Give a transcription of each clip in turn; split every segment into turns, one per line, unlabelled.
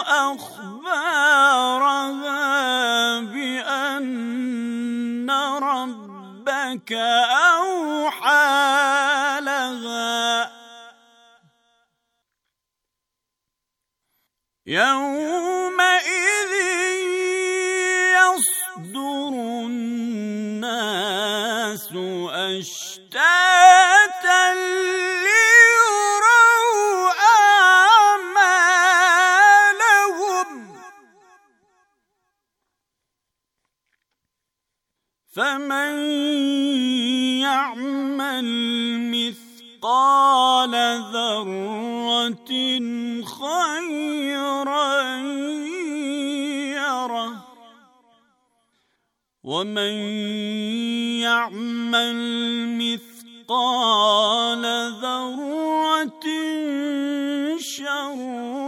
أخبارها بأن ربك أوحى لها يومئذ يصدر الناس أشتاق مثقال ذرة خيرا يره ومن يعمل مثقال ذرة شرا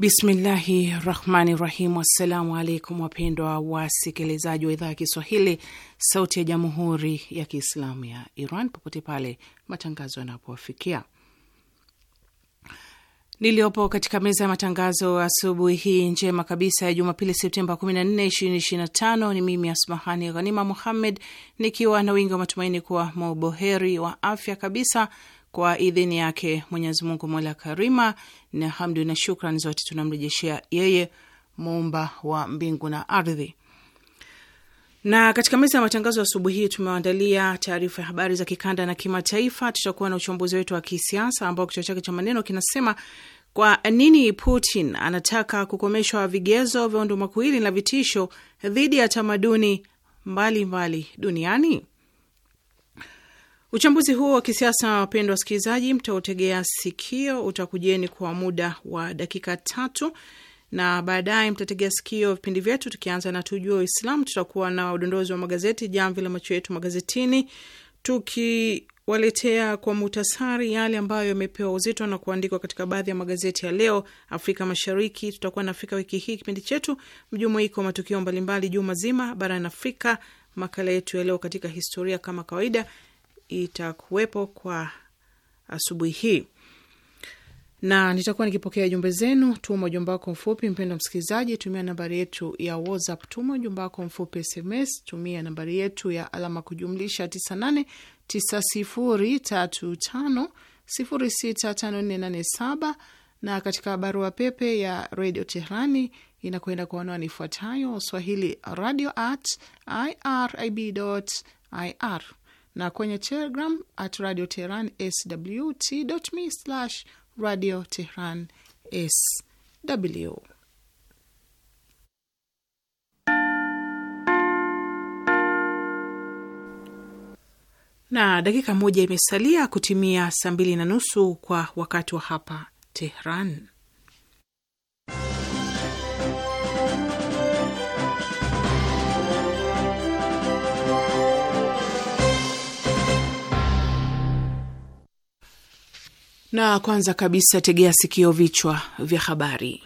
Bismillahi rahmani rahim. Assalamu alaikum wapendwa wasikilizaji wa idhaa ya Kiswahili sauti ya jamhuri ya Kiislamu ya Iran popote pale matangazo yanapowafikia. Niliyopo katika meza ya matangazo asubuhi hii njema kabisa ya Jumapili Septemba 14, 2025 ni mimi Asmahani Ghanima Muhammed nikiwa na wingi wa matumaini kuwa mauboheri wa afya kabisa kwa idhini yake Mwenyezi Mungu mola karima, na hamdu na shukran zote tunamrejeshea yeye muumba wa mbingu na ardhi. Na katika meza ya matangazo asubuhi hii tumewaandalia taarifa ya habari za kikanda na kimataifa. Tutakuwa na uchambuzi wetu wa kisiasa ambao kichwa chake cha maneno kinasema kwa nini Putin anataka kukomeshwa vigezo vya undumakuili na vitisho dhidi ya tamaduni mbalimbali mbali duniani. Uchambuzi huo wa kisiasa, wapendwa wasikilizaji, mtautegea sikio, utakujeni kwa muda wa dakika tatu na baadaye mtategea sikio vipindi vyetu, tukianza na tujue Uislamu. Tutakuwa na udondozi wa magazeti, jamvi la macho yetu magazetini, tukiwaletea kwa muhtasari yale ambayo yamepewa uzito na kuandikwa katika baadhi ya magazeti ya leo Afrika Mashariki. Tutakuwa na Afrika wiki hii, kipindi chetu mjumuiko wa matukio mbalimbali juma zima barani Afrika, makala yetu ya leo katika historia kama kawaida itakuwepo kwa asubuhi hii na nitakuwa nikipokea jumbe zenu. Tuma ujumbe wako mfupi, mpendo msikilizaji, tumia nambari yetu ya WhatsApp. Tuma ujumbe wako mfupi SMS, tumia nambari yetu ya alama kujumlisha 989035065487 na katika barua pepe ya Radio tehrani inakwenda kwa anwani ifuatayo swahili radio at irib ir na kwenye Telegram at Radio Tehran sw slash Radio Tehran sw. Na dakika moja imesalia kutimia saa mbili na nusu kwa wakati wa hapa Tehran. na kwanza kabisa tegea sikio vichwa vya habari.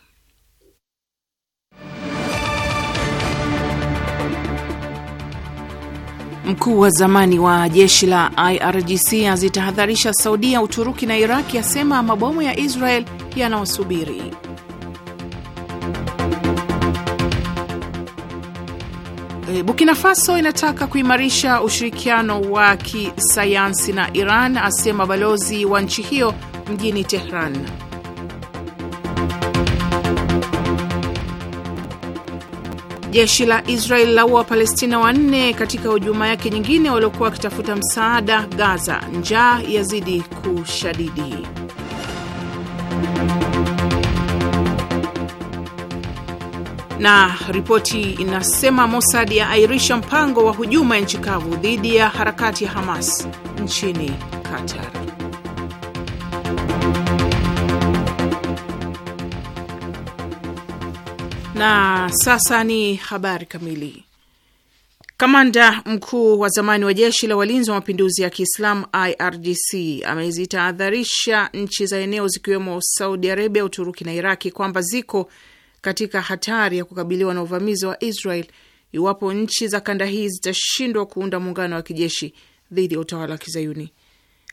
Mkuu wa zamani wa jeshi la IRGC azitahadharisha Saudia, Uturuki na Iraki, asema mabomu ya Israel yanaosubiri e, Burkina Faso inataka kuimarisha ushirikiano wa kisayansi na Iran, asema balozi wa nchi hiyo mjini Tehran. Jeshi la Israel laua Wapalestina wanne katika hujuma yake nyingine waliokuwa wakitafuta msaada Gaza. Njaa yazidi kushadidi. Na ripoti inasema Mossad yaairisha mpango wa hujuma ya nchi kavu dhidi ya harakati ya Hamas nchini Qatar. Na sasa ni habari kamili. Kamanda mkuu wa zamani wa jeshi la walinzi wa mapinduzi ya Kiislamu IRGC amezitahadharisha nchi za eneo zikiwemo Saudi Arabia, Uturuki na Iraki kwamba ziko katika hatari ya kukabiliwa na uvamizi wa Israel iwapo nchi za kanda hii zitashindwa kuunda muungano wa kijeshi dhidi ya utawala wa Kizayuni.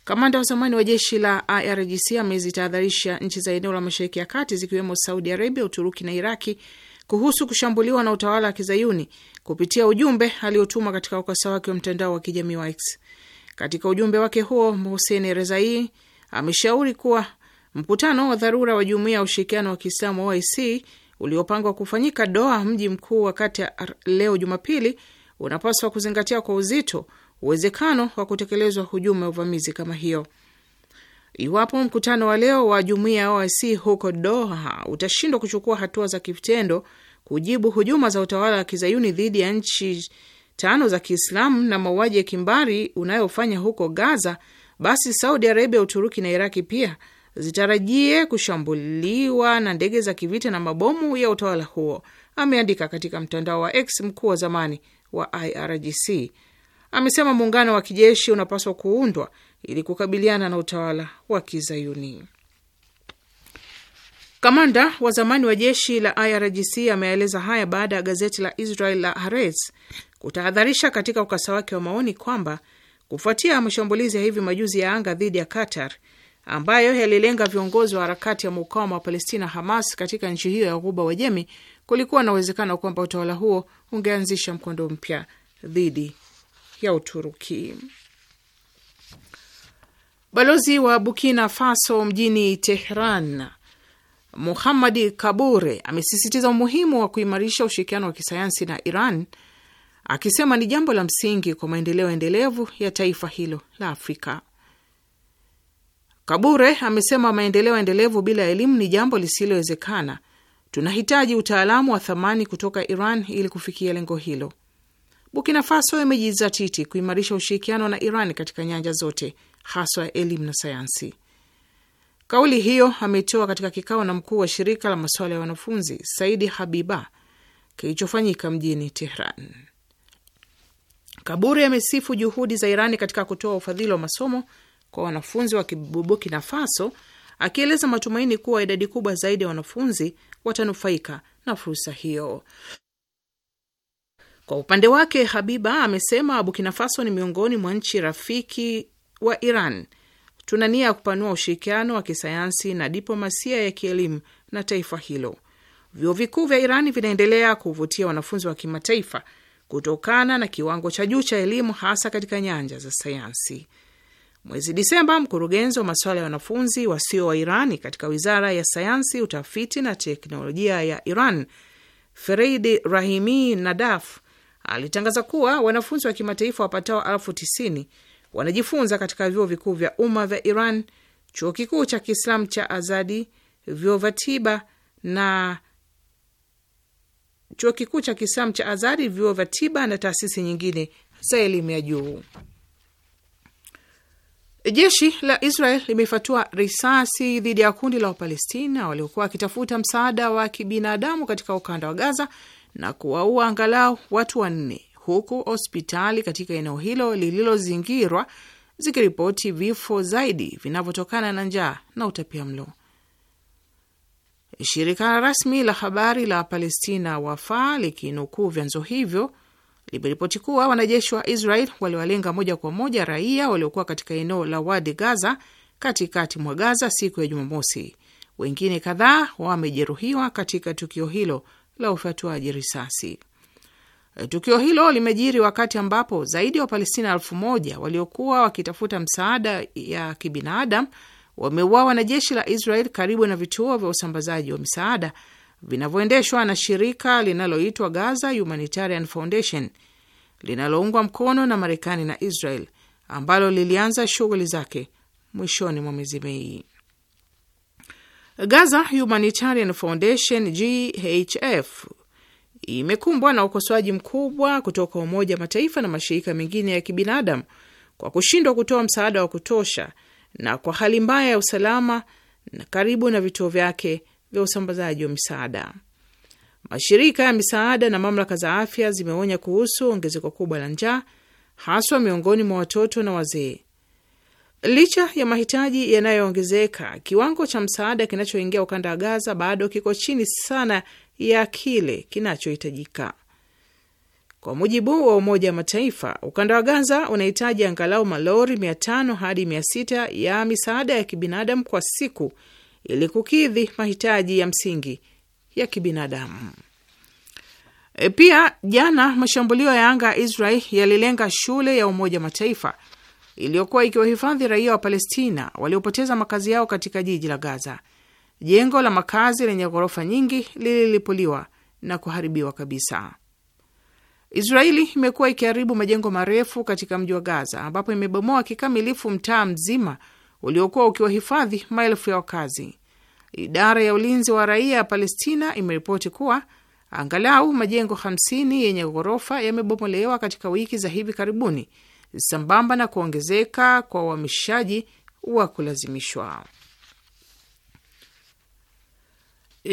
Kamanda wa zamani wa jeshi la IRGC amezitahadharisha nchi za eneo la Mashariki ya Kati zikiwemo Saudi Arabia, Uturuki na Iraki kuhusu kushambuliwa na utawala wa kizayuni kupitia ujumbe aliotuma katika ukurasa wake wa mtandao wa kijamii wa X. Katika ujumbe wake huo, Mohsen Rezai ameshauri kuwa mkutano wa dharura wa Jumuiya ya Ushirikiano wa Kiislamu OIC uliopangwa kufanyika Doha, mji mkuu wa kati leo Jumapili, unapaswa kuzingatia kwa uzito uwezekano wa kutekelezwa hujuma ya uvamizi kama hiyo. Iwapo mkutano wa leo wa jumuiya ya OIC huko Doha utashindwa kuchukua hatua za kivitendo kujibu hujuma za utawala wa kizayuni dhidi ya nchi tano za Kiislamu na mauaji ya kimbari unayofanya huko Gaza, basi Saudi Arabia, Uturuki na Iraki pia zitarajie kushambuliwa na ndege za kivita na mabomu ya utawala huo, ameandika katika mtandao wa X mkuu wa zamani wa IRGC. Amesema muungano wa kijeshi unapaswa kuundwa ili kukabiliana na utawala wa Kizayuni. Kamanda wa zamani wa jeshi la IRGC ameeleza haya baada ya gazeti la Israel la Haaretz kutahadharisha katika ukasa wake wa maoni kwamba kufuatia mashambulizi ya hivi majuzi ya anga dhidi ya Qatar ambayo yalilenga viongozi wa harakati ya mukawama wa Palestina Hamas katika nchi hiyo ya Ghuba Wajemi, kulikuwa na uwezekano kwamba utawala huo ungeanzisha mkondo mpya dhidi ya Uturuki. Balozi wa Burkina Faso mjini Tehran, Muhamadi Kabure, amesisitiza umuhimu wa kuimarisha ushirikiano wa kisayansi na Iran, akisema ni jambo la msingi kwa maendeleo endelevu ya taifa hilo la Afrika. Kabure amesema maendeleo endelevu bila elimu ni jambo lisilowezekana. Tunahitaji utaalamu wa thamani kutoka Iran ili kufikia lengo hilo. Burkina Faso imejizatiti kuimarisha ushirikiano na Iran katika nyanja zote haswa elimu na sayansi. Kauli hiyo ametoa katika kikao na mkuu wa shirika la masuala ya wanafunzi Saidi Habiba kilichofanyika mjini Tehran. Kaburi amesifu juhudi za Irani katika kutoa ufadhili wa masomo kwa wanafunzi wa Burkina Faso, akieleza matumaini kuwa idadi kubwa zaidi ya wanafunzi watanufaika na fursa hiyo. Kwa upande wake, Habiba amesema Burkina Faso ni miongoni mwa nchi rafiki wa Iran tuna nia ya kupanua ushirikiano wa kisayansi na diplomasia ya kielimu na taifa hilo. Vyuo vikuu vya Iran vinaendelea kuvutia wanafunzi wa kimataifa kutokana na kiwango cha juu cha elimu, hasa katika nyanja za sayansi. Mwezi Disemba, mkurugenzi wa masuala ya wanafunzi wasio wa Irani katika wizara ya sayansi, utafiti na teknolojia ya Iran, fereidi Rahimi Nadaf, alitangaza kuwa wanafunzi wa kimataifa wapatao elfu tisini wanajifunza katika vyuo vikuu vya umma vya Iran, chuo kikuu cha Kiislamu cha Azadi, vyuo vya tiba na chuo kikuu cha Kiislamu cha Azadi, vyuo vya tiba na taasisi nyingine za elimu ya juu. Jeshi la Israel limefatua risasi dhidi ya kundi la Wapalestina waliokuwa wakitafuta msaada wa kibinadamu katika ukanda wa Gaza na kuwaua angalau watu wanne huku hospitali katika eneo hilo lililozingirwa zikiripoti vifo zaidi vinavyotokana na njaa na mlo. Shirika rasmi la habari la Palestina Wafa likinukuu vyanzo hivyo limeripoti kuwa wanajeshi wa Israel waliwalenga moja kwa moja raia waliokuwa katika eneo la Wadi Gaza katikati mwa Gaza siku ya Jumamosi. Wengine kadhaa wamejeruhiwa katika tukio hilo la ufyatuaji risasi. Eh, tukio hilo limejiri wakati ambapo zaidi ya wa Wapalestina elfu moja waliokuwa wakitafuta msaada ya kibinadamu wameuawa na jeshi la Israel karibu na vituo vya usambazaji wa misaada vinavyoendeshwa na shirika linaloitwa Gaza Humanitarian Foundation linaloungwa mkono na Marekani na Israel ambalo lilianza shughuli zake mwishoni mwa mwezi Mei. Gaza Humanitarian Foundation GHF imekumbwa na ukosoaji mkubwa kutoka Umoja wa Mataifa na mashirika mengine ya kibinadamu kwa kushindwa kutoa msaada wa kutosha na kwa hali mbaya ya usalama na karibu na vituo vyake vya usambazaji wa misaada. Mashirika ya misaada na mamlaka za afya zimeonya kuhusu ongezeko kubwa la njaa haswa miongoni mwa watoto na wazee. Licha ya mahitaji yanayoongezeka, kiwango cha msaada kinachoingia ukanda wa Gaza bado kiko chini sana ya kile kinachohitajika. Kwa mujibu wa Umoja wa Mataifa, ukanda wa Gaza unahitaji angalau malori 500 hadi 600 ya misaada ya kibinadamu kwa siku ili kukidhi mahitaji ya msingi ya kibinadamu. E, pia jana mashambulio ya anga ya Israel yalilenga shule ya Umoja wa Mataifa iliyokuwa ikiwahifadhi raia wa Palestina waliopoteza makazi yao katika jiji la Gaza jengo la makazi lenye ghorofa nyingi lililipuliwa na kuharibiwa kabisa. Israeli imekuwa ikiharibu majengo marefu katika mji wa Gaza, ambapo imebomoa kikamilifu mtaa mzima uliokuwa ukiwahifadhi maelfu ya wakazi. Idara ya ulinzi wa raia ya Palestina imeripoti kuwa angalau majengo 50 yenye ghorofa yamebomolewa katika wiki za hivi karibuni, sambamba na kuongezeka kwa uhamishaji wa kulazimishwa.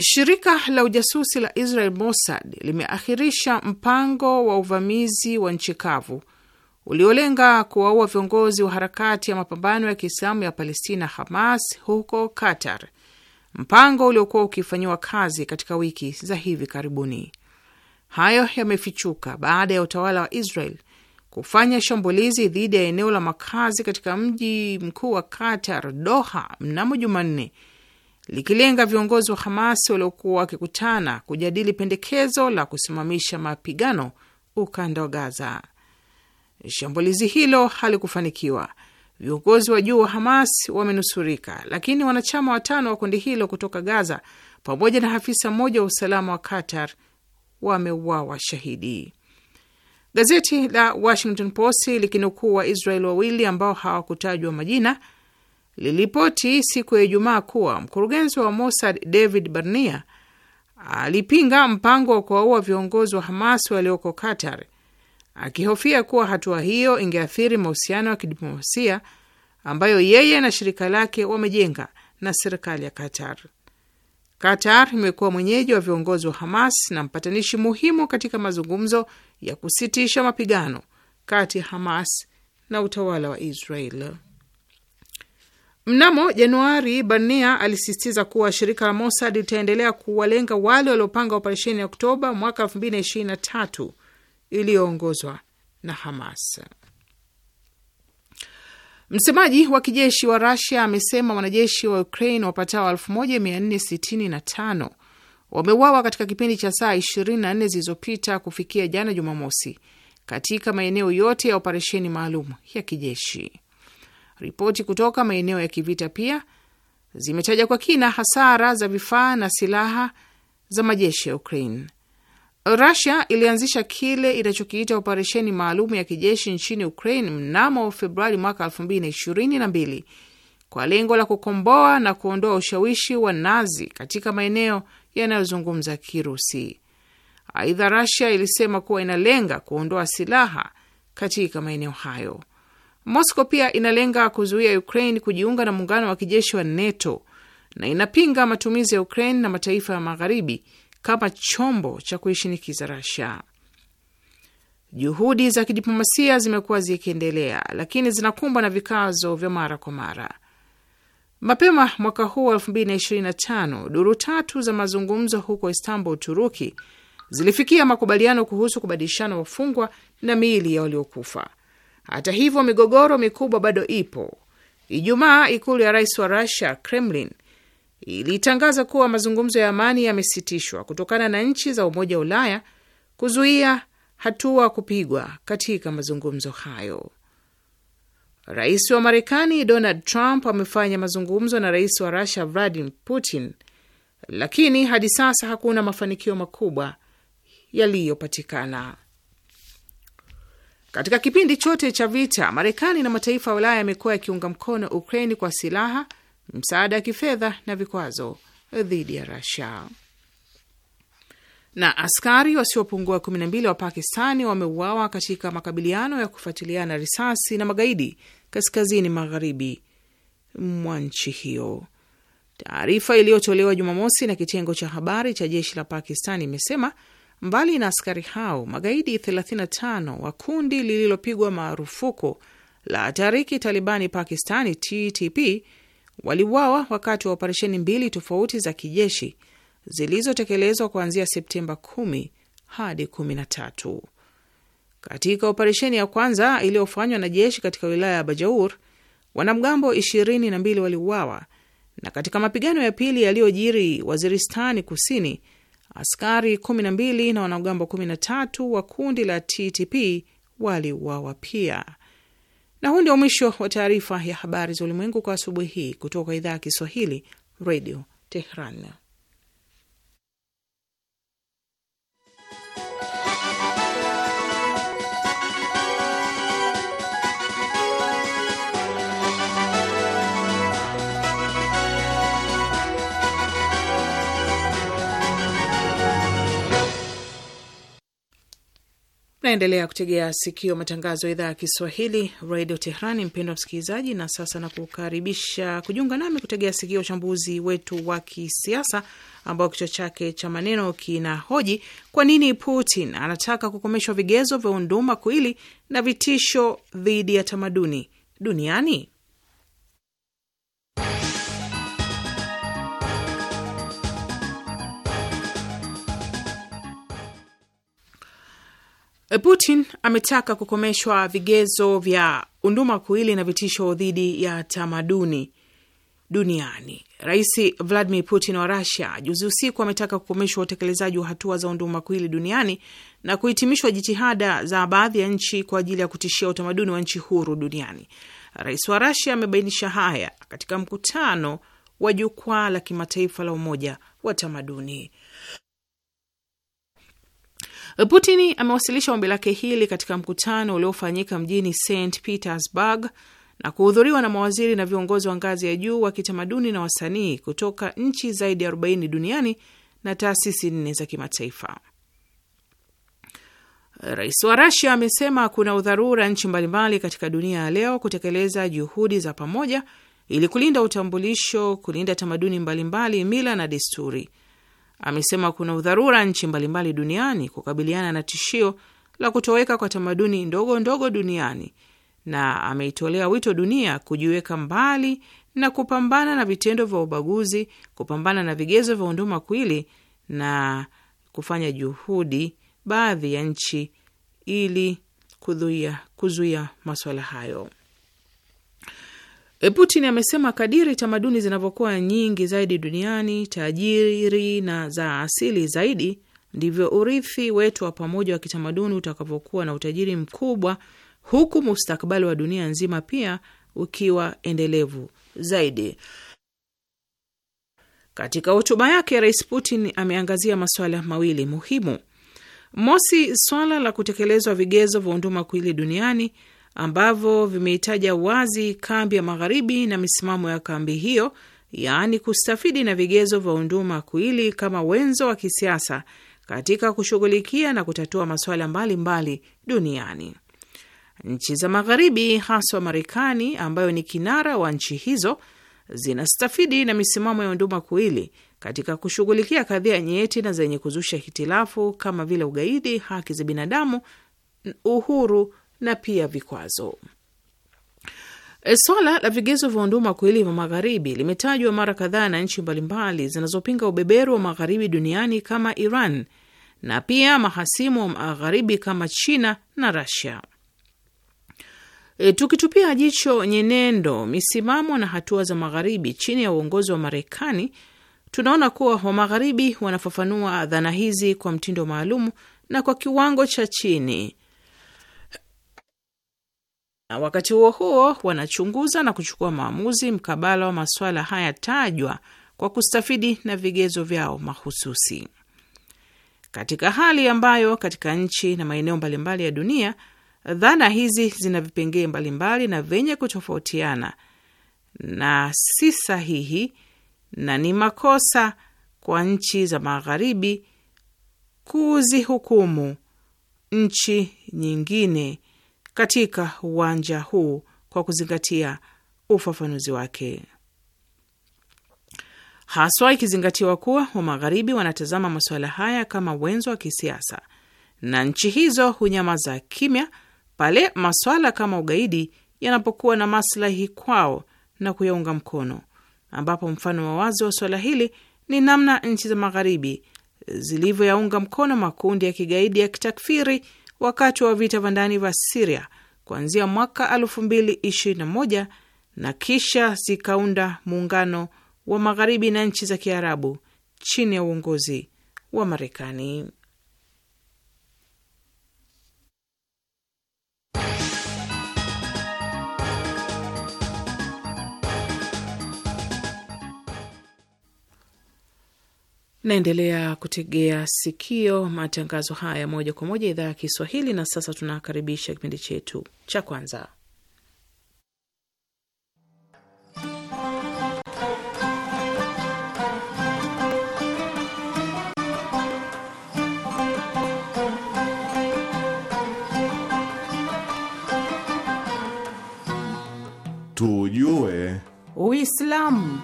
Shirika la ujasusi la Israel Mossad limeakhirisha mpango wa uvamizi wa nchi kavu uliolenga kuwaua viongozi wa harakati ya mapambano ya Kiislamu ya Palestina Hamas huko Qatar, mpango uliokuwa ukifanyiwa kazi katika wiki za hivi karibuni. Hayo yamefichuka baada ya utawala wa Israel kufanya shambulizi dhidi ya eneo la makazi katika mji mkuu wa Qatar, Doha, mnamo Jumanne likilenga viongozi wa Hamas waliokuwa wakikutana kujadili pendekezo la kusimamisha mapigano ukanda wa Gaza. Shambulizi hilo halikufanikiwa. Viongozi wa juu wa Hamas wamenusurika, lakini wanachama watano wa kundi hilo kutoka Gaza pamoja na afisa mmoja wa usalama wa Qatar wameuawa shahidi. Gazeti la Washington Post likinukuu Israel wawili ambao hawakutajwa majina lilipoti siku ya Ijumaa kuwa mkurugenzi wa Mossad David Barnea alipinga mpango wa kuwaua viongozi wa Hamas walioko Qatar, akihofia kuwa hatua hiyo ingeathiri mahusiano ya kidiplomasia ambayo yeye na shirika lake wamejenga na serikali ya Qatar. Qatar imekuwa mwenyeji wa viongozi wa Hamas na mpatanishi muhimu katika mazungumzo ya kusitisha mapigano kati ya Hamas na utawala wa Israel. Mnamo Januari, barnea alisisitiza kuwa shirika la Mossad litaendelea kuwalenga wale waliopanga operesheni ya Oktoba mwaka 2023 iliyoongozwa na Hamas. Msemaji wa kijeshi wa Rusia amesema wanajeshi wa Ukraine wapatao 1465 wameuawa katika kipindi cha saa 24 zilizopita kufikia jana Jumamosi katika maeneo yote ya operesheni maalum ya kijeshi. Ripoti kutoka maeneo ya kivita pia zimetaja kwa kina hasara za vifaa na silaha za majeshi ya Ukraine. Rusia ilianzisha kile inachokiita operesheni maalum ya kijeshi nchini Ukraine mnamo Februari mwaka 2022 kwa lengo la kukomboa na kuondoa ushawishi wa Nazi katika maeneo yanayozungumza Kirusi. Aidha, Rusia ilisema kuwa inalenga kuondoa silaha katika maeneo hayo. Moscow pia inalenga kuzuia Ukraine kujiunga na muungano wa kijeshi wa NATO na inapinga matumizi ya Ukraine na mataifa ya magharibi kama chombo cha kuishinikiza Russia. Juhudi za kidiplomasia zimekuwa zikiendelea, lakini zinakumbwa na vikazo vya mara kwa mara. Mapema mwaka huu 2025 duru tatu za mazungumzo huko Istanbul, Uturuki, zilifikia makubaliano kuhusu kubadilishana wafungwa na miili ya waliokufa. Hata hivyo, migogoro mikubwa bado ipo. Ijumaa, ikulu ya rais wa Russia, Kremlin, ilitangaza kuwa mazungumzo ya amani yamesitishwa kutokana na nchi za Umoja wa Ulaya kuzuia hatua kupigwa katika mazungumzo hayo. Rais wa Marekani Donald Trump amefanya mazungumzo na rais wa Rusia Vladimir Putin, lakini hadi sasa hakuna mafanikio makubwa yaliyopatikana. Katika kipindi chote cha vita, Marekani na mataifa ya Ulaya yamekuwa yakiunga mkono Ukraini kwa silaha, msaada wa kifedha na vikwazo dhidi ya Rasia. Na askari wasiopungua 12 wa Pakistani wameuawa katika makabiliano ya kufuatiliana risasi na magaidi kaskazini magharibi mwa nchi hiyo. Taarifa iliyotolewa Jumamosi na kitengo cha habari cha jeshi la Pakistani imesema Mbali na askari hao, magaidi 35 wa kundi lililopigwa marufuku la Tariki Talibani Pakistani TTP waliuawa wakati wa operesheni mbili tofauti za kijeshi zilizotekelezwa kuanzia Septemba 10 hadi 13. Katika operesheni ya kwanza iliyofanywa na jeshi katika wilaya ya Bajaur, wanamgambo 22 waliuawa, na katika mapigano ya pili yaliyojiri Waziristani Kusini askari 12 na wanamgambo 13 wa kundi la TTP waliuawa pia. Na huu ndio mwisho wa taarifa ya habari za ulimwengu kwa asubuhi hii kutoka idhaa ya Kiswahili, Radio Tehran. Naendelea kutegea sikio matangazo ya idhaa ya Kiswahili redio Tehrani, mpendo wa msikilizaji. Na sasa nakukaribisha kujiunga nami kutegea sikio uchambuzi wetu wa kisiasa ambao kichwa chake cha maneno kina hoji kwa nini Putin anataka kukomeshwa vigezo vya unduma kuili na vitisho dhidi ya tamaduni duniani. Eh, Putin ametaka kukomeshwa vigezo vya unduma kuili na vitisho dhidi ya tamaduni duniani. Rais Vladimir Putin wa rasia juzi usiku ametaka kukomeshwa utekelezaji wa hatua za unduma kuili duniani na kuhitimishwa jitihada za baadhi ya nchi kwa ajili ya kutishia utamaduni wa nchi huru duniani. Rais wa rasia amebainisha haya katika mkutano wa jukwaa la kimataifa la umoja wa tamaduni. Putin amewasilisha ombi lake hili katika mkutano uliofanyika mjini St Petersburg na kuhudhuriwa na mawaziri na viongozi wa ngazi ya juu wa kitamaduni na wasanii kutoka nchi zaidi ya 40 duniani na taasisi nne za kimataifa. Rais wa Rasia amesema kuna udharura nchi mbalimbali katika dunia ya leo kutekeleza juhudi za pamoja ili kulinda utambulisho, kulinda tamaduni mbalimbali, mila na desturi amesema kuna udharura nchi mbalimbali duniani kukabiliana na tishio la kutoweka kwa tamaduni ndogo ndogo duniani na ameitolea wito dunia kujiweka mbali na kupambana na vitendo vya ubaguzi, kupambana na vigezo vya kwili na kufanya juhudi baadhi ya nchi ili kuzuia masuala hayo. E, Putin amesema kadiri tamaduni zinavyokuwa nyingi zaidi duniani, tajiri na za asili zaidi, ndivyo urithi wetu wa pamoja wa kitamaduni utakavyokuwa na utajiri mkubwa, huku mustakabali wa dunia nzima pia ukiwa endelevu zaidi. Katika hotuba yake, Rais Putin ameangazia masuala mawili muhimu. Mosi, swala la kutekelezwa vigezo vya unduma kuili duniani ambavyo vimeitaja wazi kambi ya magharibi na misimamo ya kambi hiyo, yaani kustafidi na vigezo vya unduma kuili kama wenzo wa kisiasa katika kushughulikia na kutatua masuala mbalimbali duniani. Nchi za magharibi haswa Marekani ambayo ni kinara wa nchi hizo zinastafidi na misimamo ya unduma kuili katika kushughulikia kadhia nyeti na zenye kuzusha hitilafu kama vile ugaidi, haki za binadamu, uhuru na pia vikwazo. E, swala la vigezo vya unduma kuili vya magharibi limetajwa mara kadhaa na nchi mbalimbali zinazopinga ubeberu wa magharibi duniani kama Iran na pia mahasimu wa magharibi kama China na rasia E, tukitupia jicho nyenendo, misimamo na hatua za magharibi chini ya uongozi wa Marekani, tunaona kuwa wa magharibi wanafafanua dhana hizi kwa mtindo maalumu na kwa kiwango cha chini na wakati huo huo wanachunguza na kuchukua maamuzi mkabala wa masuala haya tajwa kwa kustafidi na vigezo vyao mahususi. Katika hali ambayo katika nchi na maeneo mbalimbali ya dunia dhana hizi zina vipengee mbalimbali na vyenye kutofautiana na si sahihi na ni makosa kwa nchi za Magharibi kuzihukumu nchi nyingine katika uwanja huu kwa kuzingatia ufafanuzi wake, haswa ikizingatiwa kuwa wa Magharibi wanatazama masuala haya kama wenzo wa kisiasa na nchi hizo hunyamaza kimya pale masuala kama ugaidi yanapokuwa na maslahi kwao na kuyaunga mkono, ambapo mfano wa wazi wa suala hili ni namna nchi za Magharibi zilivyoyaunga mkono makundi ya kigaidi ya kitakfiri wakati wa vita vya ndani vya Siria kuanzia mwaka 2021 na kisha zikaunda muungano wa magharibi na nchi za Kiarabu chini ya uongozi wa Marekani. Naendelea kutegea sikio matangazo haya moja kwa moja idhaa ya Kiswahili. Na sasa tunakaribisha kipindi chetu cha kwanza,
tujue
Uislamu.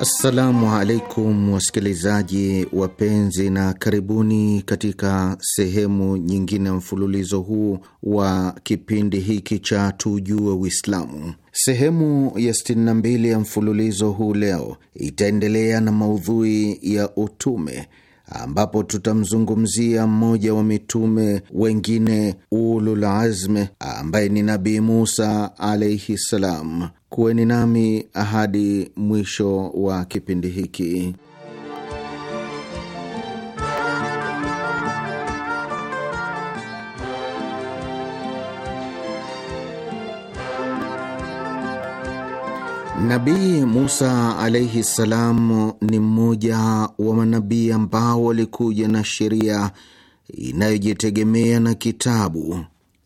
Assalamu alaikum wasikilizaji wapenzi, na karibuni katika sehemu nyingine ya mfululizo huu wa kipindi hiki cha Tujue Uislamu. Sehemu ya 62 ya mfululizo huu leo itaendelea na maudhui ya utume, ambapo tutamzungumzia mmoja wa mitume wengine ululazme, ambaye ni Nabii Musa alaihi ssalam. Kuweni nami hadi mwisho wa kipindi hiki. Nabii Musa alaihi ssalam ni mmoja wa manabii ambao walikuja na sheria inayojitegemea na kitabu.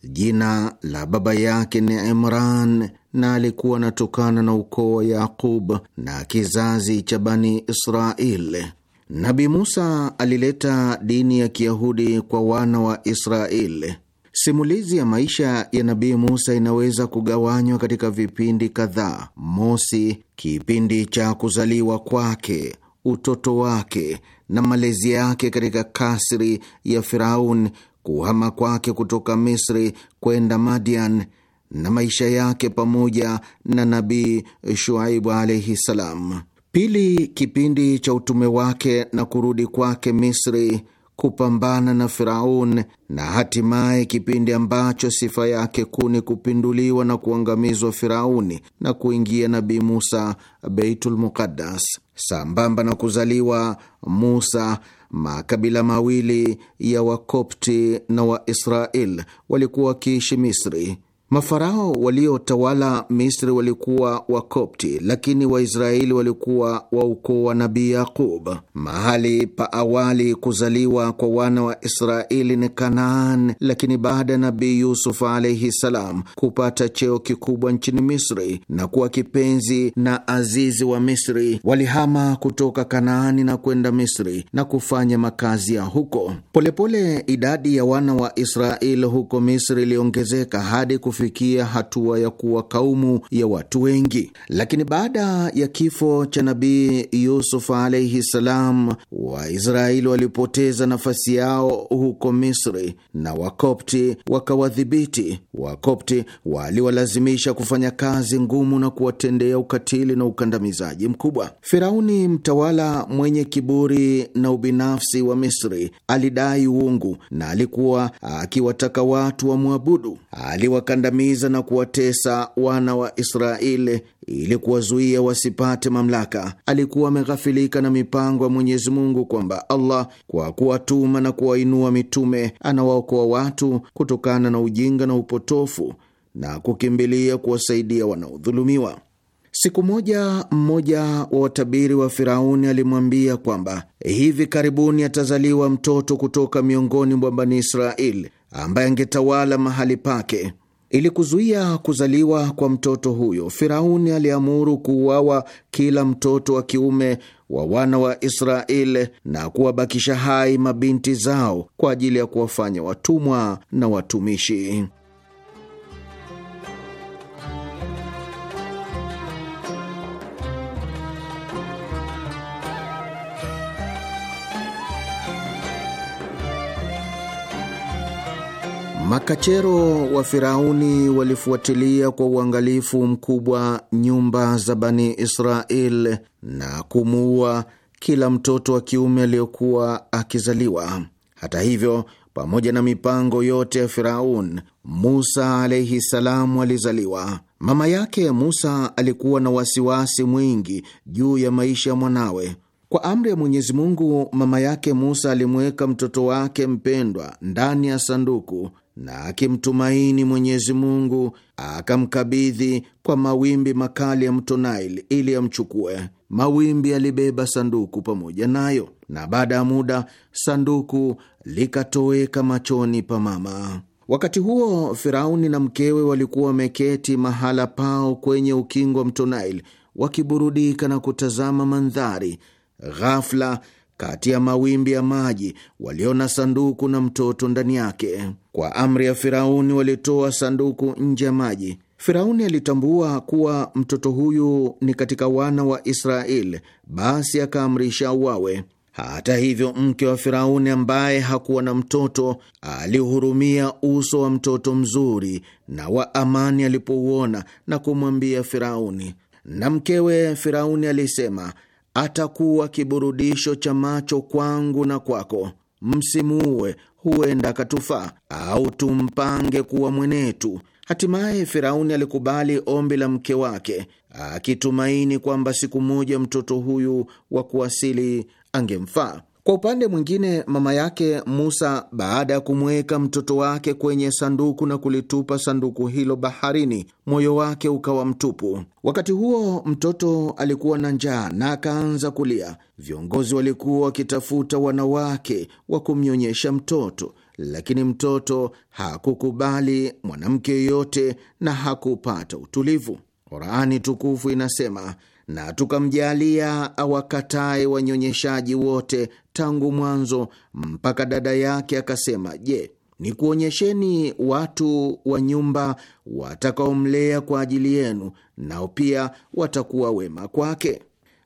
Jina la baba yake ni Imran na alikuwa anatokana na ukoo wa Yaqub na kizazi cha Bani israel Nabi Musa alileta dini ya Kiyahudi kwa wana wa israel Simulizi ya maisha ya Nabii Musa inaweza kugawanywa katika vipindi kadhaa. Mosi, kipindi cha kuzaliwa kwake, utoto wake na malezi yake katika kasri ya Firaun, kuhama kwake kutoka Misri kwenda Madian na maisha yake pamoja na Nabii Shuaibu alaihi ssalam. Pili, kipindi cha utume wake na kurudi kwake Misri kupambana na Firaun na hatimaye kipindi ambacho sifa yake kuu ni kupinduliwa na kuangamizwa Firauni na kuingia Nabii Musa Beitul Muqaddas. Sambamba na kuzaliwa Musa, makabila mawili ya Wakopti na Waisrael walikuwa wakiishi Misri. Mafarao waliotawala Misri walikuwa Wakopti, lakini Waisraeli walikuwa wa ukoo wa Nabii Yaqub. Mahali pa awali kuzaliwa kwa wana wa Israeli ni Kanaan, lakini baada ya Nabii Yusuf alaihi salam kupata cheo kikubwa nchini Misri na kuwa kipenzi na azizi wa Misri, walihama kutoka Kanaani na kwenda Misri na kufanya makazi ya huko. Polepole idadi ya wana wa Israeli huko Misri iliongezeka hadi kufikia hatua ya kuwa kaumu ya watu wengi. Lakini baada ya kifo cha Nabii Yusuf alaihi salam, Waisraeli walipoteza nafasi yao huko Misri na Wakopti wakawadhibiti. Wakopti waliwalazimisha kufanya kazi ngumu na kuwatendea ukatili na ukandamizaji mkubwa. Firauni, mtawala mwenye kiburi na ubinafsi wa Misri, alidai uungu na alikuwa akiwataka watu wamwabudu aliwakanda kuwakandamiza na kuwatesa wana wa Israeli ili kuwazuia wasipate mamlaka. Alikuwa ameghafilika na mipango ya Mwenyezi Mungu kwamba Allah kwa kuwatuma na kuwainua mitume anawaokoa watu kutokana na ujinga na upotofu na kukimbilia kuwasaidia wanaodhulumiwa. Siku moja mmoja wa watabiri wa Firauni alimwambia kwamba hivi karibuni atazaliwa mtoto kutoka miongoni mwa Bani Israeli ambaye angetawala mahali pake. Ili kuzuia kuzaliwa kwa mtoto huyo, Firauni aliamuru kuuawa kila mtoto wa kiume wa wana wa Israeli na kuwabakisha hai mabinti zao kwa ajili ya kuwafanya watumwa na watumishi. Makachero wa Firauni walifuatilia kwa uangalifu mkubwa nyumba za Bani Israel na kumuua kila mtoto wa kiume aliyokuwa akizaliwa. Hata hivyo, pamoja na mipango yote ya Firaun, Musa alaihi salamu alizaliwa. Mama yake Musa alikuwa na wasiwasi mwingi juu ya maisha ya mwanawe. Kwa amri ya Mwenyezi Mungu, mama yake Musa alimweka mtoto wake mpendwa ndani ya sanduku na akimtumaini Mwenyezi Mungu akamkabidhi kwa mawimbi makali ya mto Nile ili amchukue. Mawimbi yalibeba sanduku pamoja nayo, na baada ya muda sanduku likatoweka machoni pa mama. Wakati huo Firauni na mkewe walikuwa wameketi mahala pao kwenye ukingo wa mto Nile wakiburudika na kutazama mandhari. Ghafla kati ya mawimbi ya maji, waliona sanduku na mtoto ndani yake. Kwa amri ya Firauni walitoa sanduku nje ya maji. Firauni alitambua kuwa mtoto huyu ni katika wana wa Israeli, basi akaamrisha uwawe. Hata hivyo, mke wa Firauni ambaye hakuwa na mtoto alihurumia uso wa mtoto mzuri na wa amani alipouona, na kumwambia Firauni. Na mkewe Firauni alisema atakuwa kiburudisho cha macho kwangu na kwako. Msimuue, huenda akatufaa au tumpange kuwa mwenetu. Hatimaye Firauni alikubali ombi la mke wake, akitumaini kwamba siku moja mtoto huyu wa kuasili angemfaa. Kwa upande mwingine, mama yake Musa, baada ya kumweka mtoto wake kwenye sanduku na kulitupa sanduku hilo baharini, moyo wake ukawa mtupu. Wakati huo mtoto alikuwa na njaa na akaanza kulia. Viongozi walikuwa wakitafuta wanawake wa kumnyonyesha mtoto, lakini mtoto hakukubali mwanamke yoyote na hakupata utulivu. Qurani tukufu inasema na tukamjalia awakatae wanyonyeshaji wote tangu mwanzo mpaka dada yake akasema, je, nikuonyesheni watu wa nyumba watakaomlea kwa ajili yenu, nao pia watakuwa wema kwake.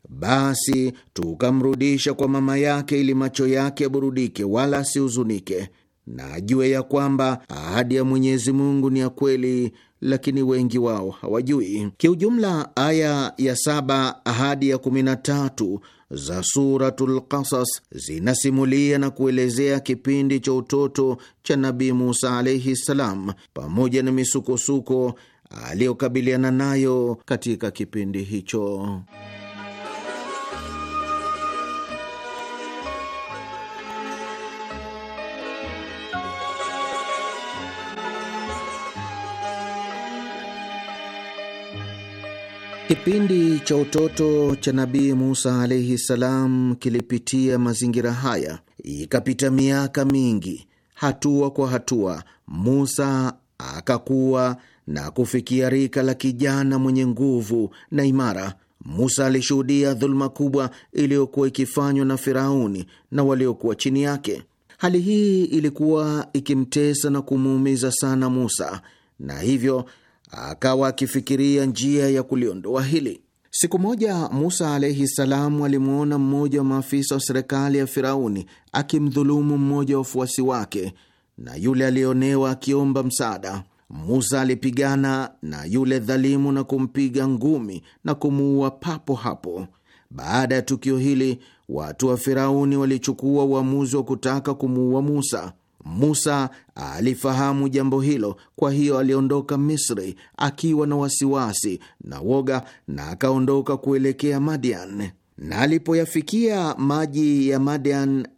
Basi tukamrudisha kwa mama yake, ili macho yake yaburudike, wala asihuzunike, na ajue ya kwamba ahadi ya Mwenyezi Mungu ni ya kweli, lakini wengi wao hawajui. Kiujumla, aya ya saba ahadi ya kumi na tatu za Suratul Qasas zinasimulia na kuelezea kipindi cha utoto cha Nabii Musa alaihi ssalam, pamoja na misukosuko aliyokabiliana nayo katika kipindi hicho. Kipindi cha utoto cha Nabii Musa alaihi salam kilipitia mazingira haya. Ikapita miaka mingi, hatua kwa hatua, Musa akakuwa na kufikia rika la kijana mwenye nguvu na imara. Musa alishuhudia dhuluma kubwa iliyokuwa ikifanywa na Firauni na waliokuwa chini yake. Hali hii ilikuwa ikimtesa na kumuumiza sana Musa, na hivyo akawa akifikiria njia ya kuliondoa hili. Siku moja Musa alaihi salamu alimwona mmoja wa maafisa wa serikali ya Firauni akimdhulumu mmoja wa wafuasi wake, na yule aliyeonewa akiomba msaada. Musa alipigana na yule dhalimu na kumpiga ngumi na kumuua papo hapo. Baada ya tukio hili, watu wa Firauni walichukua uamuzi wa kutaka kumuua Musa. Musa alifahamu jambo hilo, kwa hiyo aliondoka Misri akiwa na wasiwasi na woga, na akaondoka kuelekea Madian. Na alipoyafikia maji ya Madian,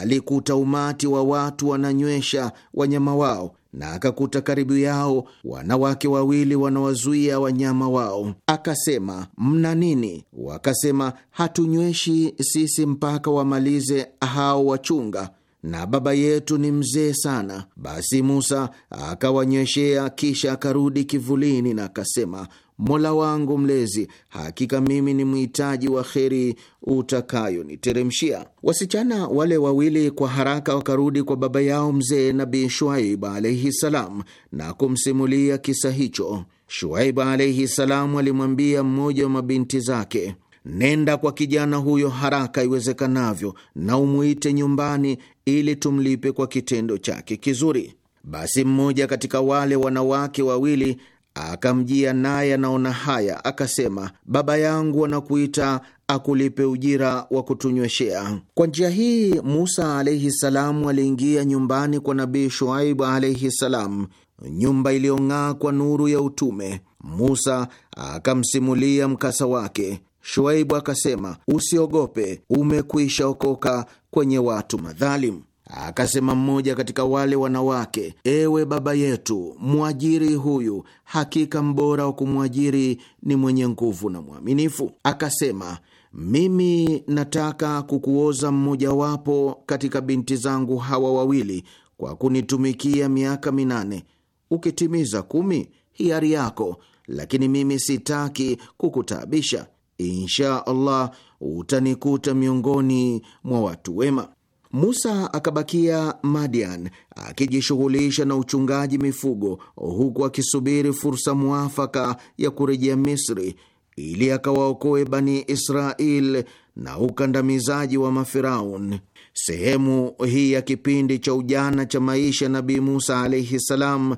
alikuta umati wa watu wananywesha wanyama wao na akakuta karibu yao wanawake wawili wanawazuia wanyama wao. Akasema, mna nini? Wakasema, hatunyweshi sisi mpaka wamalize hao wachunga na baba yetu ni mzee sana. Basi Musa akawanyweshea, kisha akarudi kivulini na akasema, Mola wangu mlezi, hakika mimi ni mhitaji wa kheri utakayoniteremshia. Wasichana wale wawili kwa haraka wakarudi kwa baba yao mzee nabi Shuaib alaihi salam na kumsimulia kisa hicho. Shuaib alaihi salam alimwambia mmoja wa mabinti zake, nenda kwa kijana huyo haraka iwezekanavyo na umwite nyumbani ili tumlipe kwa kitendo chake kizuri. Basi mmoja katika wale wanawake wawili akamjia, naye anaona haya, akasema, baba yangu anakuita akulipe ujira wa kutunyweshea. Kwa njia hii Musa alaihi salamu aliingia nyumbani kwa Nabii Shuaibu alaihi salam, nyumba iliyong'aa kwa nuru ya utume. Musa akamsimulia mkasa wake. Shuaibu akasema, usiogope, umekwisha okoka kwenye watu madhalimu. Akasema mmoja katika wale wanawake, ewe baba yetu, mwajiri huyu, hakika mbora wa kumwajiri ni mwenye nguvu na mwaminifu. Akasema, mimi nataka kukuoza mmojawapo katika binti zangu hawa wawili kwa kunitumikia miaka minane. Ukitimiza kumi, hiari yako, lakini mimi sitaki kukutaabisha insha Allah utanikuta miongoni mwa watu wema. Musa akabakia Madian akijishughulisha na uchungaji mifugo, huku akisubiri fursa mwafaka ya kurejea Misri ili akawaokoe Bani Israel na ukandamizaji wa Mafiraun. Sehemu hii ya kipindi cha ujana cha maisha Nabii Musa alaihi salam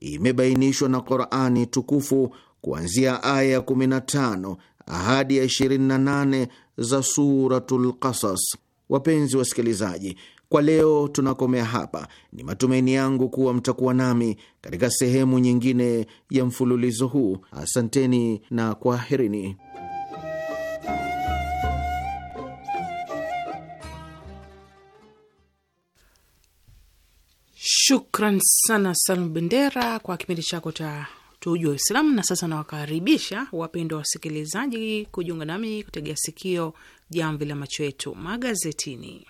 imebainishwa na Qurani tukufu kuanzia aya ya 15 hadi ya 28 za Suratul Qasas. Wapenzi wasikilizaji, kwa leo tunakomea hapa. Ni matumaini yangu kuwa mtakuwa nami katika sehemu nyingine ya mfululizo huu. Asanteni na kwaherini. Shukran sana
Salum Bendera kwa kipindi chako cha tuuji wa Uislamu. Na sasa nawakaribisha wapendwa wasikilizaji kujiunga nami kutegea sikio jamvi la macho yetu magazetini.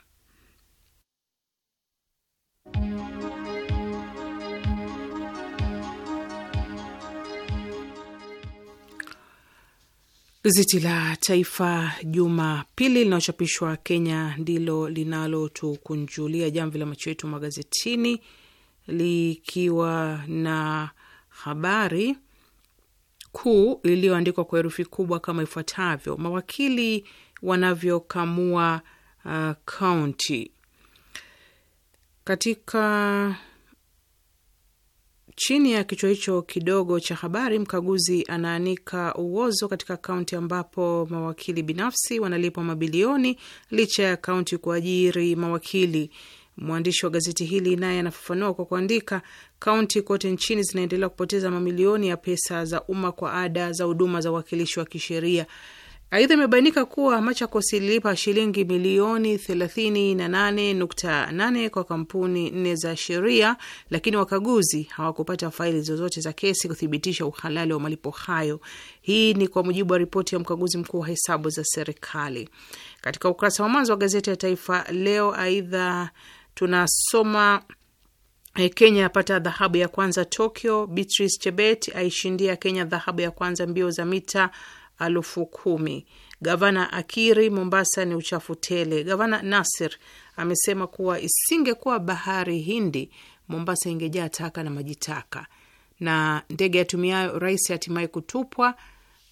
Gazeti la Taifa Jumapili linalochapishwa Kenya ndilo linalotukunjulia jamvi la macho yetu magazetini, likiwa na habari kuu iliyoandikwa kwa herufi kubwa kama ifuatavyo: mawakili wanavyokamua kaunti. Uh, katika chini ya kichwa hicho kidogo cha habari, mkaguzi anaanika uozo katika kaunti ambapo mawakili binafsi wanalipwa mabilioni licha ya kaunti kuajiri mawakili. Mwandishi wa gazeti hili naye anafafanua kwa kuandika, kaunti kote nchini zinaendelea kupoteza mamilioni ya pesa za umma kwa ada za huduma za uwakilishi wa kisheria. Aidha, imebainika kuwa Machakos ililipa shilingi milioni 38.8 kwa kampuni nne za sheria, lakini wakaguzi hawakupata faili zozote za kesi kuthibitisha uhalali wa malipo hayo. Hii ni kwa mujibu wa ripoti ya mkaguzi mkuu wa hesabu za serikali katika ukurasa wa mwanzo wa gazeti ya Taifa Leo. Aidha, tunasoma eh, Kenya apata dhahabu ya kwanza Tokyo. Beatrice Chebet aishindia Kenya dhahabu ya kwanza mbio za mita alufu kumi. Gavana akiri Mombasa ni uchafu tele. Gavana Nasir amesema kuwa isingekuwa bahari Hindi, Mombasa ingejaa taka na majitaka. Na ndege yatumiayo rais hatimaye kutupwa.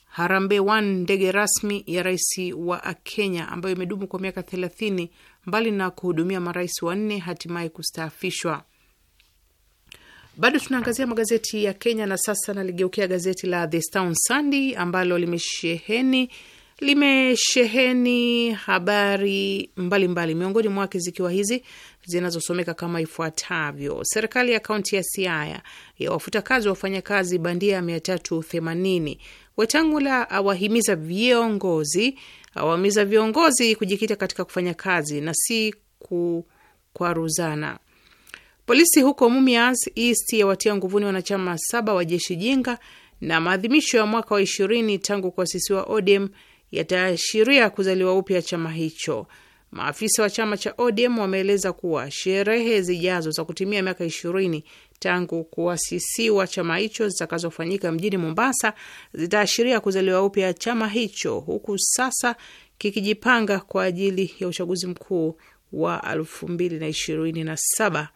Harambee One, ndege rasmi ya rais wa Kenya ambayo imedumu kwa miaka thelathini mbali na kuhudumia marais wanne hatimaye kustaafishwa. Bado tunaangazia magazeti ya Kenya na sasa naligeukia gazeti la The Standard Sunday ambalo limesheheni limesheheni habari mbalimbali mbali, miongoni mwake zikiwa hizi zinazosomeka kama ifuatavyo: serikali ya kaunti ya Siaya yawafuta kazi wafanyakazi bandia mia tatu themanini, Wetangula awahimiza viongozi awahimiza viongozi kujikita katika kufanya kazi na si kukwaruzana. Polisi huko Mumias East yawatia nguvuni wanachama saba wa jeshi jinga, na maadhimisho ya mwaka wa ishirini tangu kuasisiwa ODM yataashiria kuzaliwa upya chama hicho. Maafisa wa chama cha ODM wameeleza kuwa sherehe zijazo za kutimia miaka ishirini tangu kuasisiwa chama hicho zitakazofanyika mjini Mombasa zitaashiria kuzaliwa upya chama hicho, huku sasa kikijipanga kwa ajili ya uchaguzi mkuu wa 2027.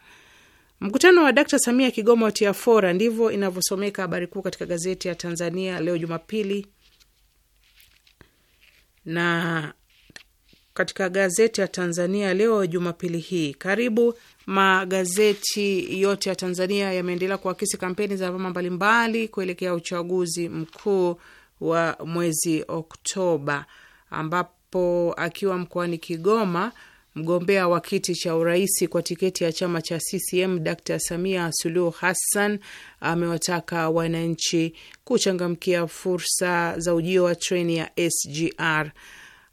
Mkutano wa Dkt. Samia Kigoma Tiafora, ndivyo inavyosomeka habari kuu katika gazeti ya Tanzania leo Jumapili, na katika gazeti ya Tanzania leo Jumapili hii. Karibu magazeti yote ya Tanzania yameendelea kuakisi kampeni za vyama mbalimbali kuelekea uchaguzi mkuu wa mwezi Oktoba, ambapo akiwa mkoani Kigoma mgombea wa kiti cha urais kwa tiketi ya chama cha CCM Dr Samia Suluhu Hassan amewataka wananchi kuchangamkia fursa za ujio wa treni ya SGR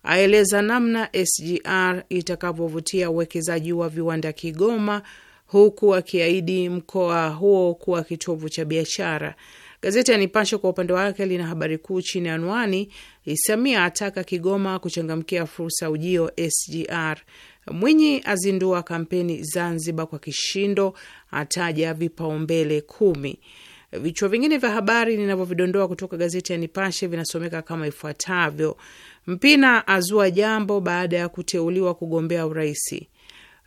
aeleza namna SGR itakavyovutia uwekezaji wa viwanda Kigoma, huku akiahidi mkoa huo kuwa kitovu cha biashara. Gazeti ya Nipashe kwa upande wake lina habari kuu chini ya anwani, Samia ataka Kigoma kuchangamkia fursa ujio SGR. Mwinyi azindua kampeni Zanzibar kwa kishindo, ataja vipaumbele kumi. Vichwa vingine vya habari ninavyovidondoa kutoka gazeti ya Nipashe vinasomeka kama ifuatavyo: Mpina azua jambo baada ya kuteuliwa kugombea uraisi.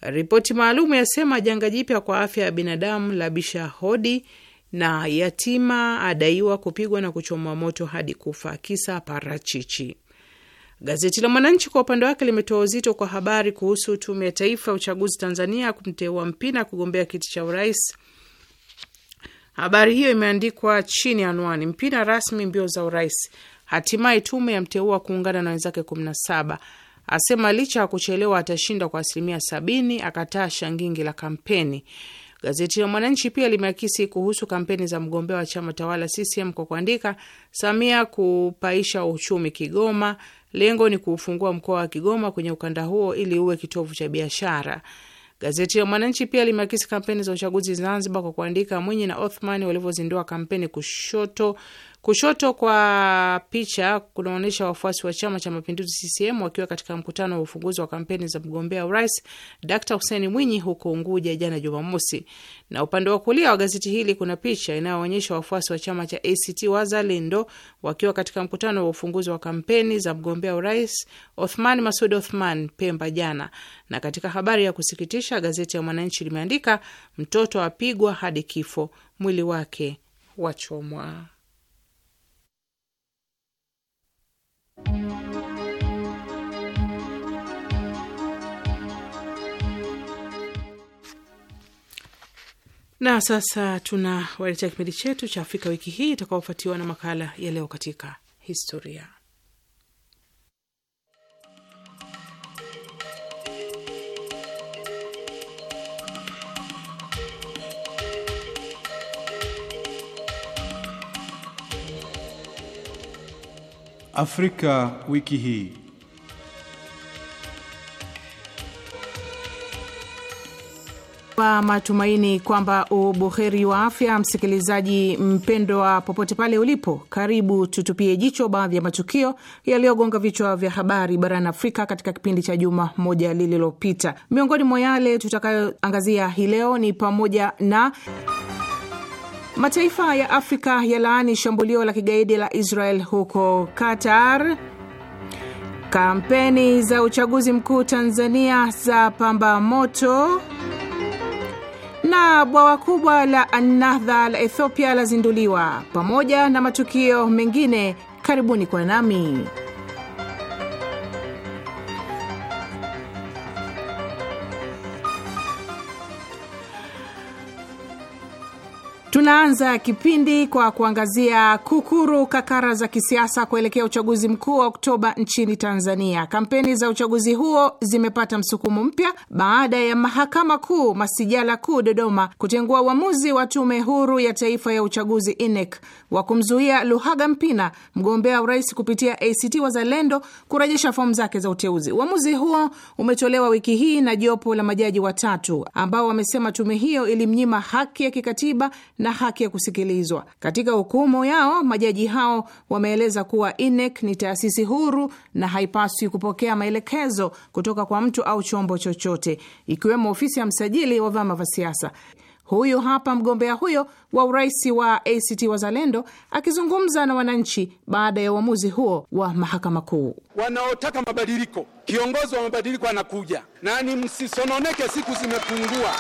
Ripoti maalumu yasema janga jipya kwa afya ya binadamu la bisha hodi, na yatima adaiwa kupigwa na kuchomwa moto hadi kufa, kisa parachichi. Gazeti la Mwananchi kwa upande wake limetoa uzito kwa habari kuhusu Tume ya Taifa ya Uchaguzi Tanzania kumteua Mpina kugombea kiti cha urais. Habari hiyo imeandikwa chini ya anwani, Mpina rasmi mbio za urais, Hatimaye tume yamteua kuungana na wenzake 17 asema licha ya kuchelewa atashinda kwa asilimia sabini. Akataa shangingi la kampeni. Gazeti la Mwananchi pia limeakisi kuhusu kampeni za mgombea wa chama tawala CCM kwa kuandika, Samia kupaisha uchumi Kigoma, lengo ni kuufungua mkoa wa Kigoma kwenye ukanda huo ili uwe kitovu cha biashara. Gazeti la Mwananchi pia limeakisi kampeni za uchaguzi Zanzibar kwa kuandika, Mwinyi na Othman walivyozindua kampeni kushoto Kushoto kwa picha kunaonyesha wafuasi wa chama cha mapinduzi CCM wakiwa katika mkutano wa ufunguzi wa kampeni za mgombea urais d Huseni Mwinyi huko Unguja jana Jumamosi, na upande wa kulia wa gazeti hili kuna picha inayoonyesha wafuasi wa chama cha ACT Wazalendo wakiwa katika mkutano wa ufunguzi wa kampeni za mgombea urais Othman Masud Othman Pemba jana. Na katika habari ya kusikitisha, gazeti ya Mwananchi limeandika mtoto apigwa hadi kifo, mwili wake wachomwa. Na sasa tunawaletea kipindi chetu cha Afrika wiki hii itakaofuatiwa na makala ya leo katika historia.
Afrika wiki hii.
Kwa matumaini kwamba ubuheri wa afya, msikilizaji mpendwa, popote pale ulipo, karibu tutupie jicho baadhi ya matukio yaliyogonga vichwa vya habari barani Afrika katika kipindi cha juma moja lililopita. Miongoni mwa yale tutakayoangazia hii leo ni pamoja na Mataifa ya Afrika yalaani shambulio la kigaidi la Israel huko Qatar. Kampeni za uchaguzi mkuu Tanzania za pamba moto, na bwawa kubwa la Anadha la Ethiopia lazinduliwa, pamoja na matukio mengine. Karibuni kwa nami Tunaanza kipindi kwa kuangazia kukuru kakara za kisiasa kuelekea uchaguzi mkuu wa Oktoba nchini Tanzania. Kampeni za uchaguzi huo zimepata msukumo mpya baada ya mahakama kuu masijala kuu Dodoma kutengua uamuzi wa tume huru ya taifa ya uchaguzi INEC wa kumzuia Luhaga Mpina, mgombea urais kupitia ACT Wazalendo, kurejesha fomu zake za uteuzi. Uamuzi huo umetolewa wiki hii na jopo la majaji watatu ambao wamesema tume hiyo ilimnyima haki ya kikatiba na haki ya kusikilizwa. Katika hukumu yao, majaji hao wameeleza kuwa INEC ni taasisi huru na haipaswi kupokea maelekezo kutoka kwa mtu au chombo chochote, ikiwemo ofisi ya msajili wa vyama vya siasa. Huyu hapa mgombea huyo wa urais wa ACT Wazalendo akizungumza na wananchi baada ya uamuzi huo wa mahakama kuu.
Wanaotaka mabadiliko, kiongozi wa mabadiliko anakuja nani, msisononeke, siku zimepungua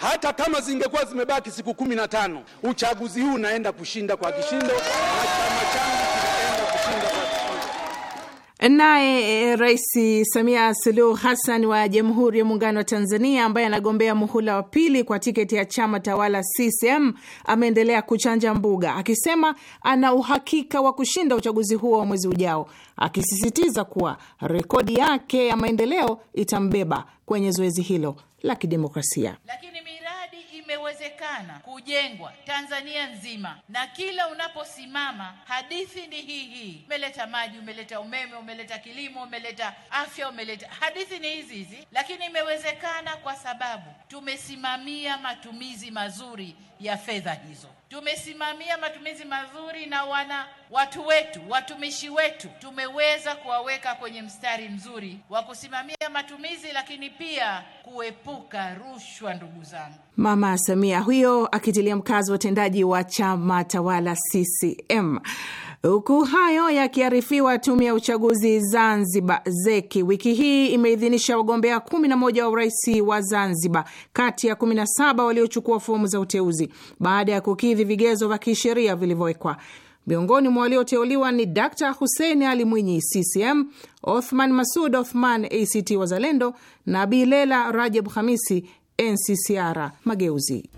hata kama zingekuwa zimebaki siku kumi na tano, uchaguzi huu unaenda kushinda kwa kishindo na chama changu kinaenda kushinda kwa
Naye eh, Rais Samia Suluhu Hassan wa Jamhuri ya Muungano wa Tanzania, ambaye anagombea muhula wa pili kwa tiketi ya chama tawala CCM, ameendelea kuchanja mbuga akisema ana uhakika wa kushinda uchaguzi huo wa mwezi ujao, akisisitiza kuwa rekodi yake ya maendeleo itambeba kwenye zoezi hilo la kidemokrasia Lakini imewezekana kujengwa Tanzania nzima, na kila unaposimama hadithi ni hii hii, umeleta maji, umeleta umeme, umeleta kilimo, umeleta afya, umeleta hadithi ni hizi hizi, lakini imewezekana kwa sababu tumesimamia matumizi mazuri ya fedha hizo tumesimamia matumizi mazuri na wana watu wetu watumishi wetu tumeweza kuwaweka kwenye mstari mzuri wa kusimamia matumizi, lakini pia kuepuka rushwa. Ndugu zangu, Mama Samia huyo akitilia mkazo watendaji wa chama tawala CCM. Huku hayo yakiarifiwa, tume ya uchaguzi Zanzibar ZEKI wiki hii imeidhinisha wagombea 11 wa urais wa Zanzibar kati ya 17 waliochukua fomu za uteuzi baada ya kukidhi vigezo vya kisheria vilivyowekwa. Miongoni mwa walioteuliwa ni Dkt Hussein Ali Mwinyi, CCM, Othman Masud Othman, ACT Wazalendo, na Bilela Rajab Hamisi, NCCR Mageuzi.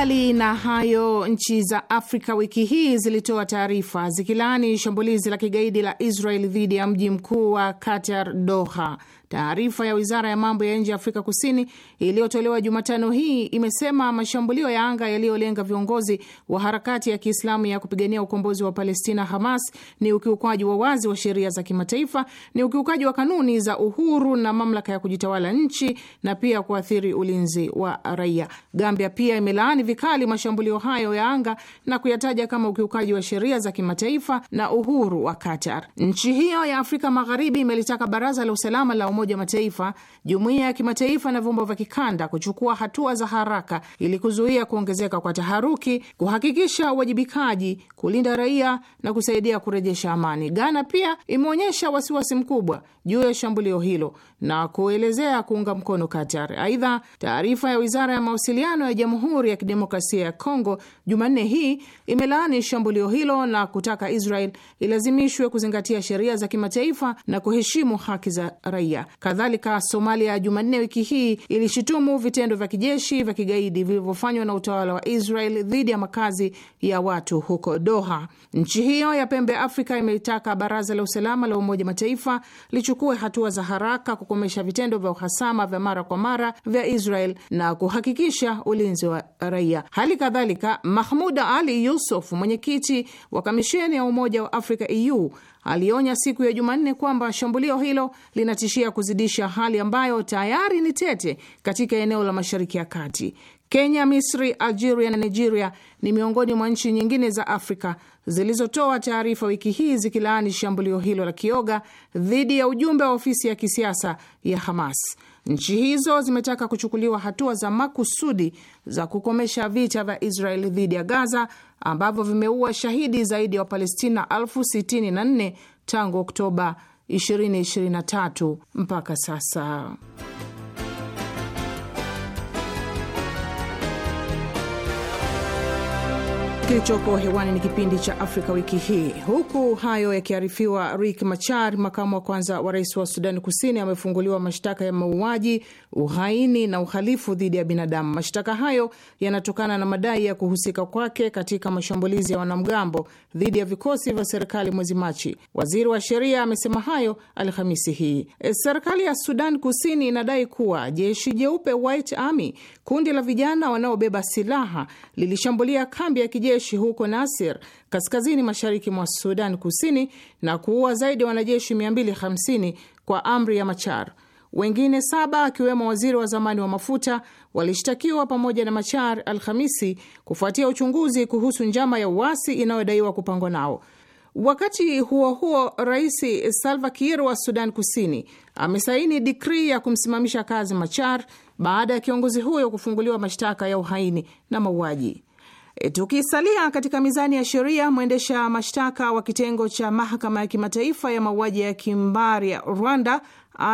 Mbali na hayo, nchi za Afrika wiki hii zilitoa taarifa zikilaani shambulizi la kigaidi la Israel dhidi ya mji mkuu wa Qatar, Doha. Taarifa ya wizara ya mambo ya nje ya Afrika Kusini iliyotolewa Jumatano hii imesema mashambulio ya anga yaliyolenga viongozi wa harakati ya Kiislamu ya kupigania ukombozi wa Palestina, Hamas, ni ukiukaji wa wazi wa sheria za kimataifa, ni ukiukaji wa kanuni za uhuru na mamlaka ya kujitawala nchi na pia kuathiri ulinzi wa raia. Gambia pia imelaani vikali mashambulio hayo ya anga na kuyataja kama ukiukaji wa sheria za kimataifa na uhuru wa Qatar. Nchi hiyo ya Afrika Magharibi imelitaka baraza la usalama la Umoja wa Mataifa, jumuiya ya kimataifa na vyombo vya kikanda kuchukua hatua za haraka ili kuzuia kuongezeka kwa taharuki, kuhakikisha uwajibikaji, kulinda raia na kusaidia kurejesha amani. Ghana pia imeonyesha wasiwasi mkubwa juu ya shambulio hilo na kuelezea kuunga mkono Qatar. Aidha, taarifa ya wizara ya mawasiliano ya Jamhuri ya Kidemokrasia ya Kongo Jumanne hii imelaani shambulio hilo na kutaka Israel ilazimishwe kuzingatia sheria za kimataifa na kuheshimu haki za raia. Kadhalika, Somalia Jumanne wiki hii ilishutumu vitendo vya kijeshi vya kigaidi vilivyofanywa na utawala wa Israel dhidi ya makazi ya watu huko Doha. Nchi hiyo ya pembe ya Afrika imeitaka Baraza la Usalama la Umoja Mataifa lichukue hatua za haraka kukomesha vitendo vya uhasama vya mara kwa mara vya Israel na kuhakikisha ulinzi wa raia. Hali kadhalika, Mahmud Ali Yusuf, mwenyekiti wa kamisheni ya Umoja wa Afrika EU alionya siku ya Jumanne kwamba shambulio hilo linatishia kuzidisha hali ambayo tayari ni tete katika eneo la Mashariki ya Kati. Kenya, Misri, Algeria na Nigeria ni miongoni mwa nchi nyingine za Afrika zilizotoa taarifa wiki hii zikilaani shambulio hilo la kioga dhidi ya ujumbe wa ofisi ya kisiasa ya Hamas. Nchi hizo zimetaka kuchukuliwa hatua za makusudi za kukomesha vita vya Israel dhidi ya Gaza ambavyo vimeua shahidi zaidi ya wa Wapalestina elfu sitini na nne tangu Oktoba 2023 mpaka sasa. Kilichopo hewani ni kipindi cha Afrika wiki hii. Huku hayo yakiarifiwa, rik Machar, makamu wa kwanza wa rais wa Sudani Kusini, amefunguliwa mashtaka ya mauaji, uhaini na uhalifu dhidi ya binadamu. Mashtaka hayo yanatokana na madai ya kuhusika kwake katika mashambulizi ya wanamgambo dhidi ya vikosi vya serikali mwezi Machi. Waziri wa sheria amesema hayo Alhamisi hii. E, serikali ya Sudan Kusini inadai kuwa jeshi jeupe White Army, kundi la vijana wanaobeba silaha, lilishambulia kambi ya kijeshi kijeshi huko Nasir, kaskazini mashariki mwa Sudan Kusini, na kuua zaidi ya wanajeshi 250 kwa amri ya Machar. Wengine saba akiwemo waziri wa zamani wa mafuta walishtakiwa pamoja na Machar Alhamisi kufuatia uchunguzi kuhusu njama ya uasi inayodaiwa kupangwa nao. Wakati huo huo, Rais Salva Kiir wa Sudan Kusini amesaini dikrii ya kumsimamisha kazi Machar baada ya kiongozi huyo kufunguliwa mashtaka ya uhaini na mauaji. E, tukisalia katika mizani ya sheria, mwendesha mashtaka wa kitengo cha mahakama ya kimataifa ya mauaji ya kimbari ya Rwanda,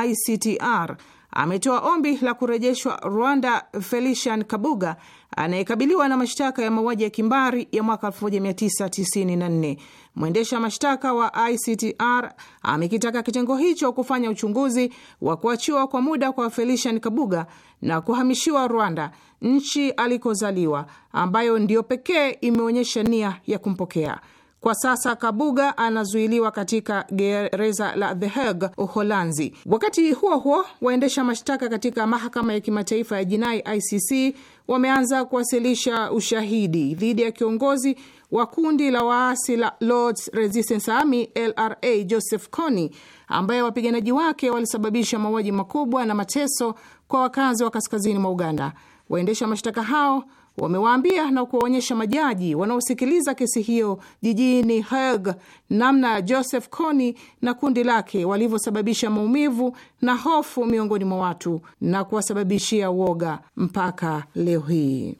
ICTR, ametoa ombi la kurejeshwa Rwanda Felician Kabuga anayekabiliwa na mashtaka ya mauaji ya kimbari ya mwaka 1994. Mwendesha mashtaka wa ICTR amekitaka kitengo hicho kufanya uchunguzi wa kuachiwa kwa muda kwa Felician Kabuga na kuhamishiwa Rwanda, nchi alikozaliwa, ambayo ndiyo pekee imeonyesha nia ya kumpokea. Kwa sasa Kabuga anazuiliwa katika gereza la The Hague, Uholanzi. Wakati huo huo, waendesha mashtaka katika mahakama ya kimataifa ya jinai ICC wameanza kuwasilisha ushahidi dhidi ya kiongozi wa kundi la waasi la Lords Resistance Army LRA Joseph Kony, ambaye wapiganaji wake walisababisha mauaji makubwa na mateso kwa wakazi wa kaskazini mwa Uganda. Waendesha mashtaka hao wamewaambia na kuwaonyesha majaji wanaosikiliza kesi hiyo jijini Hague namna ya Joseph Kony na kundi lake walivyosababisha maumivu na hofu miongoni mwa watu na kuwasababishia woga mpaka leo hii.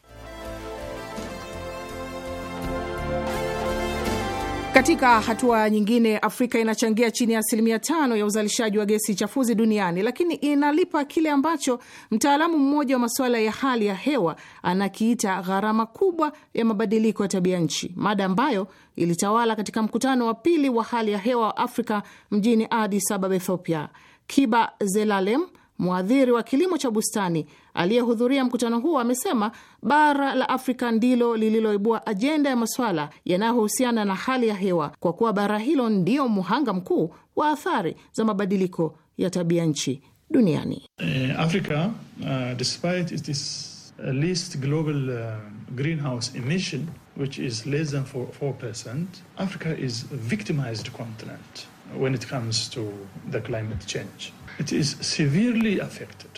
Katika hatua nyingine, Afrika inachangia chini ya asilimia tano ya uzalishaji wa gesi chafuzi duniani, lakini inalipa kile ambacho mtaalamu mmoja wa masuala ya hali ya hewa anakiita gharama kubwa ya mabadiliko ya tabia nchi, mada ambayo ilitawala katika mkutano wa pili wa hali ya hewa wa Afrika mjini Adis Ababa, Ethiopia. Kiba Zelalem Mwadhiri wa kilimo cha bustani aliyehudhuria mkutano huo amesema bara la Afrika ndilo lililoibua ajenda ya masuala yanayohusiana na hali ya hewa kwa kuwa bara hilo ndiyo mhanga mkuu wa athari za mabadiliko ya tabia nchi duniani.
Uh, Africa, uh, despite uh, least global uh, greenhouse emission which is less than 4%, Africa is victimized continent when it comes to the climate change. it is severely affected.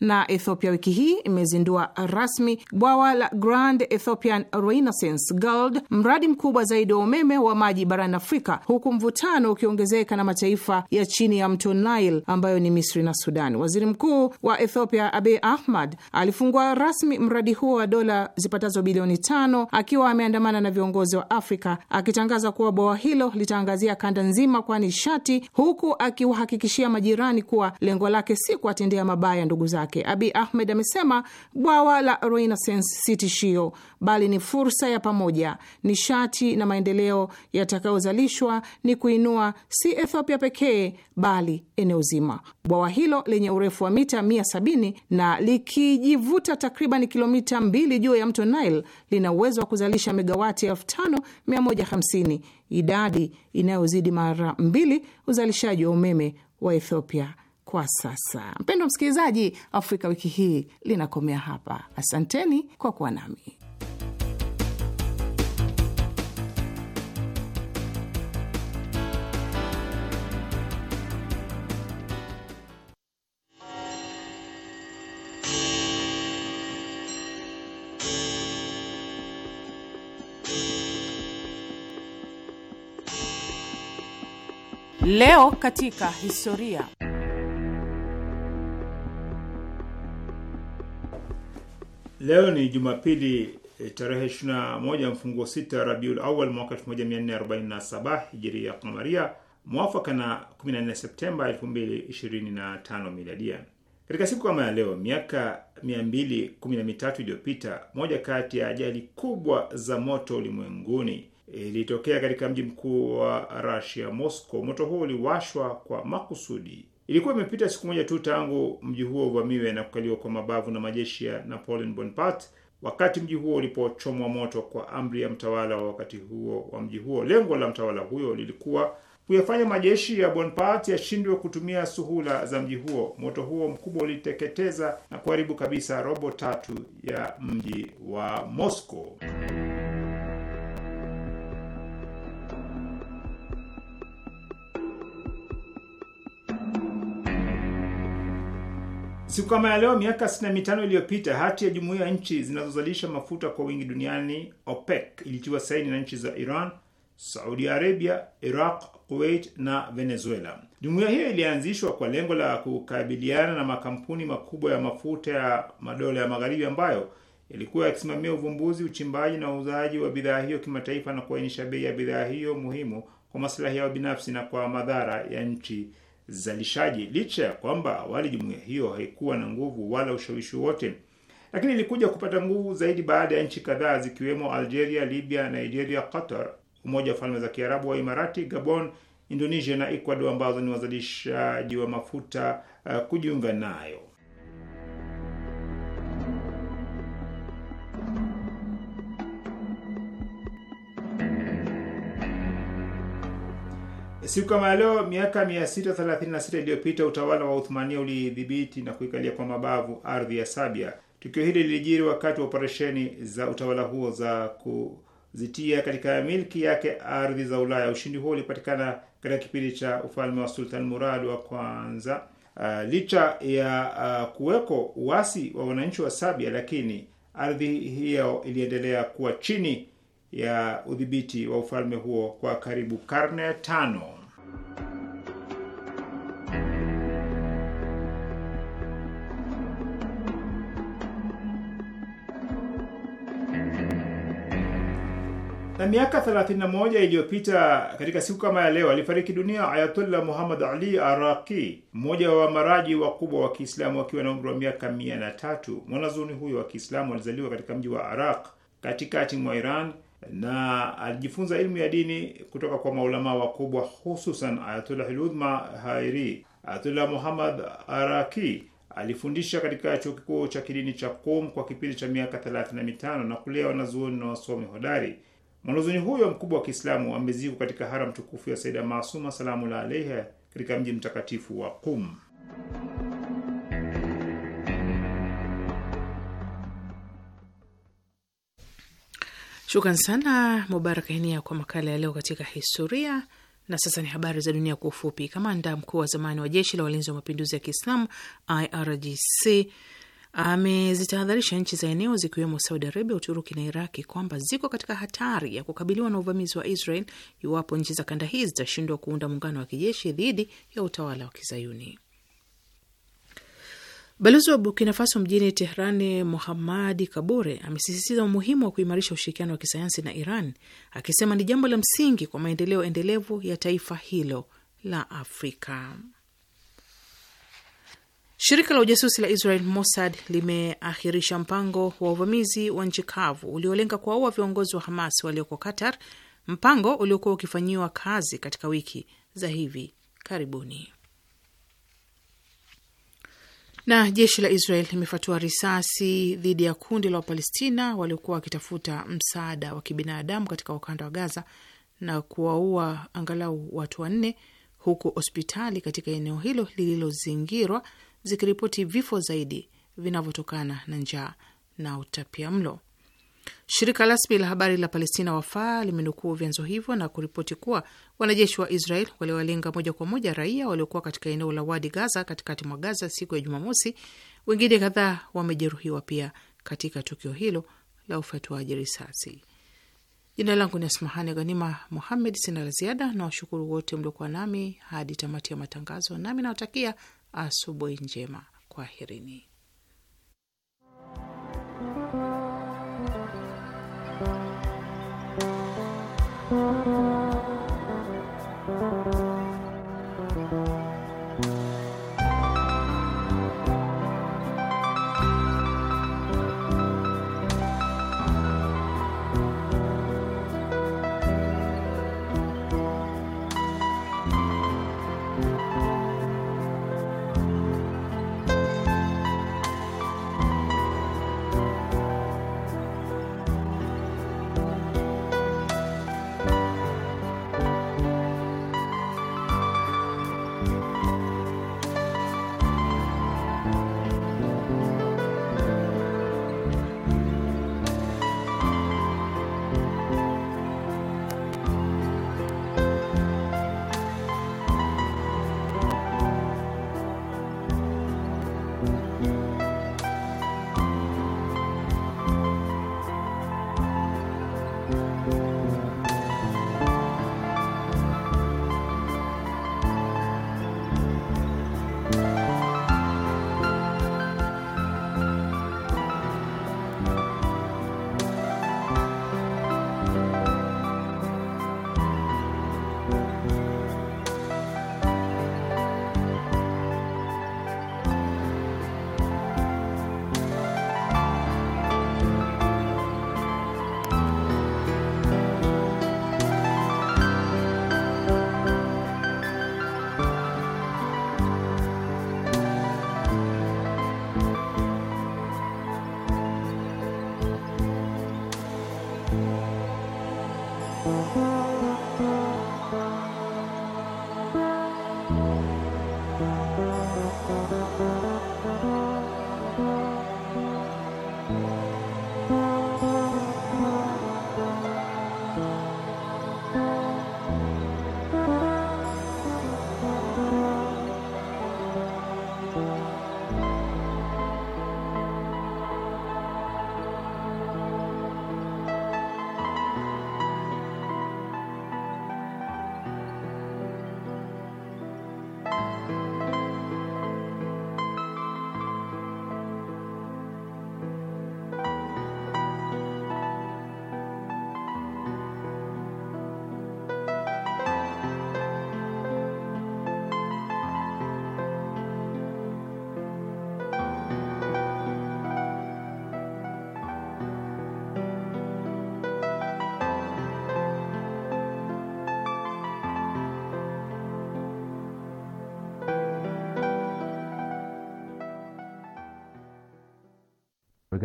na Ethiopia wiki hii imezindua rasmi bwawa la Grand Ethiopian Renaissance Gold, mradi mkubwa zaidi wa umeme wa maji barani Afrika, huku mvutano ukiongezeka na mataifa ya chini ya mto Nile ambayo ni Misri na Sudan. Waziri Mkuu wa Ethiopia Abiy Ahmed alifungua rasmi mradi huo wa dola zipatazo bilioni tano akiwa ameandamana na viongozi wa Afrika, akitangaza kuwa bwawa hilo litaangazia kanda nzima kwa nishati, huku akiwahakikishia majirani kuwa lengo lake si kuwatendea mabaya ndugu zake yake. Abi Ahmed amesema bwawa la Renaissance si tishio, bali ni fursa ya pamoja. Nishati na maendeleo yatakayozalishwa ni kuinua si Ethiopia pekee, bali eneo zima. Bwawa hilo lenye urefu wa mita 170 na likijivuta takriban kilomita mbili juu ya mto Nile lina uwezo wa kuzalisha megawati 5150 idadi inayozidi mara mbili uzalishaji wa umeme wa Ethiopia kwa sasa. Mpendwa msikilizaji, Afrika wiki hii linakomea hapa. Asanteni kwa kuwa nami. Leo katika historia.
Leo ni Jumapili eh, tarehe 21 mfunguo 6 Rabiul Awal mwaka 1447 hijiria kamaria mwafaka na 14 Septemba 2025 miladia. Katika siku kama ya leo miaka 213 iliyopita, moja kati ya ajali kubwa za moto ulimwenguni ilitokea katika mji mkuu wa Russia, Moscow. Moto huo uliwashwa kwa makusudi Ilikuwa imepita siku moja tu tangu mji huo uvamiwe na kukaliwa kwa mabavu na majeshi ya Napoleon Bonaparte, wakati mji huo ulipochomwa moto kwa amri ya mtawala wa wakati huo wa mji huo. Lengo la mtawala huyo lilikuwa kuyafanya majeshi ya Bonaparte yashindwe kutumia suhula za mji huo. Moto huo mkubwa uliteketeza na kuharibu kabisa robo tatu ya mji wa Moscow. Siku kama ya leo miaka 65 iliyopita hati ya jumuiya ya nchi zinazozalisha mafuta kwa wingi duniani OPEC ilitiwa saini na nchi za Iran, Saudi Arabia, Iraq, Kuwait na Venezuela. Jumuiya hiyo ilianzishwa kwa lengo la kukabiliana na makampuni makubwa ya mafuta ya madola ya magharibi ambayo yalikuwa yakisimamia uvumbuzi, uchimbaji na uuzaji wa bidhaa hiyo kimataifa na kuainisha bei ya bidhaa hiyo muhimu kwa maslahi yao binafsi na kwa madhara ya nchi uzalishaji, licha ya kwamba awali jumuiya hiyo haikuwa na nguvu wala ushawishi wote, lakini ilikuja kupata nguvu zaidi baada ya nchi kadhaa zikiwemo Algeria, Libya, Nigeria, Qatar, Umoja wa Falme za Kiarabu wa Imarati, Gabon, Indonesia na Ecuador ambazo ni wazalishaji wa mafuta uh, kujiunga nayo. Siku kama leo miaka 636 iliyopita utawala wa Uthmania ulidhibiti na kuikalia kwa mabavu ardhi ya Sabia. Tukio hili lilijiri wakati wa operesheni za utawala huo za kuzitia katika milki yake ardhi za Ulaya. Ushindi huo ulipatikana katika kipindi cha ufalme wa Sultan Murad wa kwanza. Uh, licha ya uh, kuweko uasi wa wananchi wa Sabia, lakini ardhi hiyo iliendelea kuwa chini ya udhibiti wa ufalme huo kwa karibu karne tano. Na miaka 31 iliyopita katika siku kama ya leo alifariki dunia Ayatullah Muhammad Ali Araqi, mmoja wa maraji wakubwa wa Kiislamu akiwa na umri wa miaka 103. Mwanazuoni huyo wa Kiislamu alizaliwa katika mji wa Araq katikati mwa Iran na alijifunza ilmu ya dini kutoka kwa maulama wakubwa, hususan Ayatullah Ludhma Hairi. Ayatullah Muhammad Araki alifundisha katika chuo kikuu cha kidini cha Qom kwa kipindi cha miaka 35 na kulea wanazuoni na wasomi hodari. Mwanazuoni huyo mkubwa wa Kiislamu amezikwa katika haram tukufu ya Saida Masuma salamu la alaiha katika mji mtakatifu wa Qum. Shukran
sana Mubarak Henia kwa makala ya leo katika historia. Na sasa ni habari za dunia kwa ufupi. Kamanda mkuu wa zamani wa jeshi la walinzi wa mapinduzi ya Kiislamu IRGC amezitahadharisha nchi za eneo zikiwemo Saudi Arabia, Uturuki na Iraki kwamba ziko katika hatari ya kukabiliwa na uvamizi wa Israel iwapo nchi za kanda hii zitashindwa kuunda muungano wa kijeshi dhidi ya utawala wa Kizayuni. Balozi wa Burkina Faso mjini Tehrani, Muhamadi Kabure, amesisitiza umuhimu wa kuimarisha ushirikiano wa kisayansi na Iran, akisema ni jambo la msingi kwa maendeleo endelevu ya taifa hilo la Afrika. Shirika la ujasusi la Israel Mossad limeahirisha mpango wa uvamizi wa nchi kavu uliolenga kuwaua viongozi wa Hamas walioko Qatar, mpango uliokuwa ukifanyiwa kazi katika wiki za hivi karibuni. Na jeshi la Israel limefatua risasi dhidi ya kundi la Wapalestina waliokuwa wakitafuta msaada wa kibinadamu katika ukanda wa Gaza na kuwaua angalau watu wanne, huku hospitali katika eneo hilo lililozingirwa zikiripoti vifo zaidi vinavyotokana na njaa na utapia mlo. Shirika rasmi la habari la Palestina Wafaa limenukuu vyanzo hivyo na kuripoti kuwa wanajeshi wa Israel waliwalenga moja kwa moja raia waliokuwa katika eneo la Wadi Gaza katikati mwa Gaza siku ya Jumamosi. Wengine kadhaa wamejeruhiwa pia katika tukio hilo la ufatuaji risasi. Jina langu ni Asmahani Ghanima Muhammed. Sina la ziada na washukuru wote mliokuwa nami hadi tamati ya matangazo, nami nawatakia asubuhi njema. Kwaherini.
Thank you.